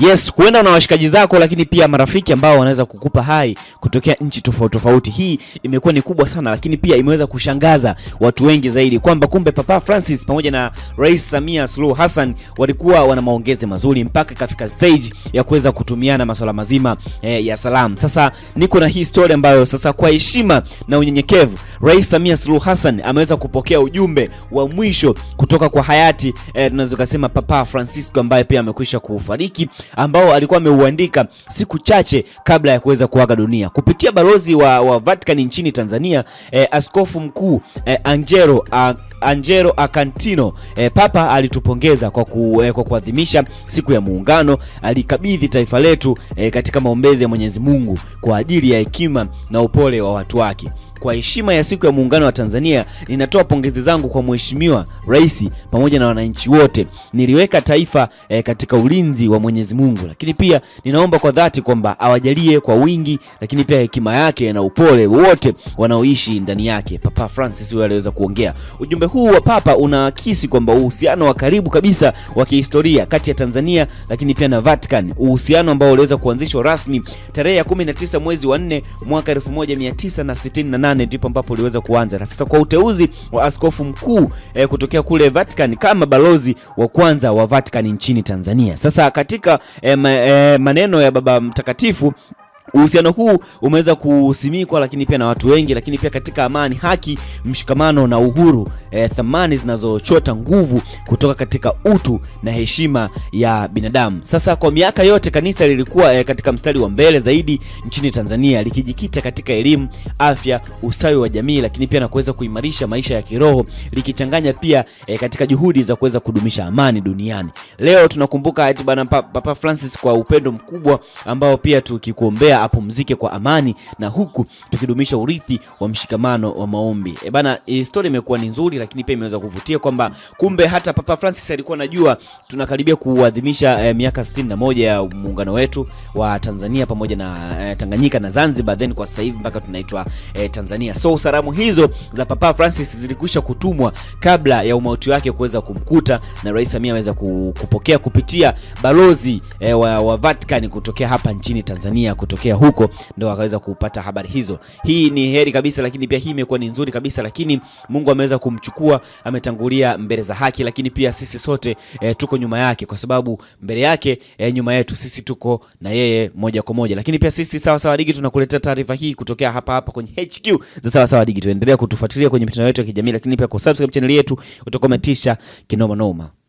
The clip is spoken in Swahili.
Yes, huenda na washikaji zako, lakini pia marafiki ambao wanaweza kukupa hai kutokea nchi tofauti tofauti. Hii imekuwa ni kubwa sana, lakini pia imeweza kushangaza watu wengi zaidi kwamba kumbe Papa Francis pamoja na Rais Samia Suluhu Hassan walikuwa wana maongezi mazuri mpaka ikafika stage ya kuweza kutumiana masuala mazima eh, ya salamu. Sasa niko na hii story ambayo sasa kwa heshima na unyenyekevu Rais Samia Suluhu Hassan ameweza kupokea ujumbe wa mwisho kutoka kwa hayati eh, tunaweza kusema Papa Francisco ambaye pia amekwisha kufariki ambao alikuwa ameuandika siku chache kabla ya kuweza kuaga dunia. Kupitia balozi wa, wa Vatican nchini Tanzania eh, askofu mkuu eh, Angelo a, Angelo Acantino eh, Papa alitupongeza kwa, ku, eh, kwa kuadhimisha siku ya Muungano. Alikabidhi taifa letu eh, katika maombezi ya Mwenyezi Mungu kwa ajili ya hekima na upole wa watu wake. Kwa heshima ya siku ya muungano wa Tanzania, ninatoa pongezi zangu kwa Mheshimiwa Rais pamoja na wananchi wote. Niliweka taifa e, katika ulinzi wa Mwenyezi Mungu, lakini pia ninaomba kwa dhati kwamba awajalie kwa wingi, lakini pia hekima yake na upole wote wanaoishi ndani yake. Papa Francis huyo aliweza kuongea ujumbe huu wa Papa unaakisi kwamba uhusiano wa karibu kabisa wa kihistoria kati ya Tanzania lakini pia na Vatican, uhusiano ambao uliweza kuanzishwa rasmi tarehe ya 19 mwezi wa 4 mwaka 1968 nane ndipo ambapo uliweza kuanza, na sasa kwa uteuzi wa askofu mkuu e, kutokea kule Vatican kama balozi wa kwanza wa Vatican nchini Tanzania. Sasa katika e, ma, e, maneno ya Baba Mtakatifu Uhusiano huu umeweza kusimikwa, lakini pia na watu wengi, lakini pia katika amani, haki, mshikamano na uhuru e, thamani zinazochota nguvu kutoka katika utu na heshima ya binadamu. Sasa kwa miaka yote kanisa lilikuwa e, katika mstari wa mbele zaidi nchini Tanzania likijikita katika elimu, afya, ustawi wa jamii, lakini pia na kuweza kuimarisha maisha ya kiroho likichanganya pia e, katika juhudi za kuweza kudumisha amani duniani. Leo tunakumbuka ati bwana Papa Francis kwa upendo mkubwa ambao pia tukikuombea apumzike kwa amani, na huku tukidumisha urithi wa mshikamano wa maombi. E bana, story imekuwa ni nzuri, lakini pia imeweza kuvutia kwamba kumbe hata Papa Francis alikuwa anajua tunakaribia kuadhimisha eh, miaka 61 ya muungano wetu wa Tanzania pamoja na eh, Tanganyika na Zanzibar, then kwa sasa hivi mpaka tunaitwa eh, Tanzania. So salamu hizo za Papa Francis zilikwisha kutumwa kabla ya umauti wake kuweza kumkuta na Rais Samia aweza kupokea kupitia balozi eh, wa, wa Vatican kutokea hapa nchini Tanzania kutokea kuelekea huko ndo akaweza kupata habari hizo. Hii ni heri kabisa, lakini pia hii imekuwa ni nzuri kabisa, lakini Mungu ameweza kumchukua, ametangulia mbele za haki, lakini pia sisi sote e, tuko nyuma yake, kwa sababu mbele yake e, nyuma yetu sisi tuko na yeye moja kwa moja. Lakini pia sisi sawa sawa digi tunakuletea taarifa hii kutokea hapa hapa kwenye HQ za sawa sawa digi. Tuendelea kutufuatilia kwenye mitandao yetu ya kijamii, lakini pia kwa subscribe channel yetu utakometisha kinoma noma.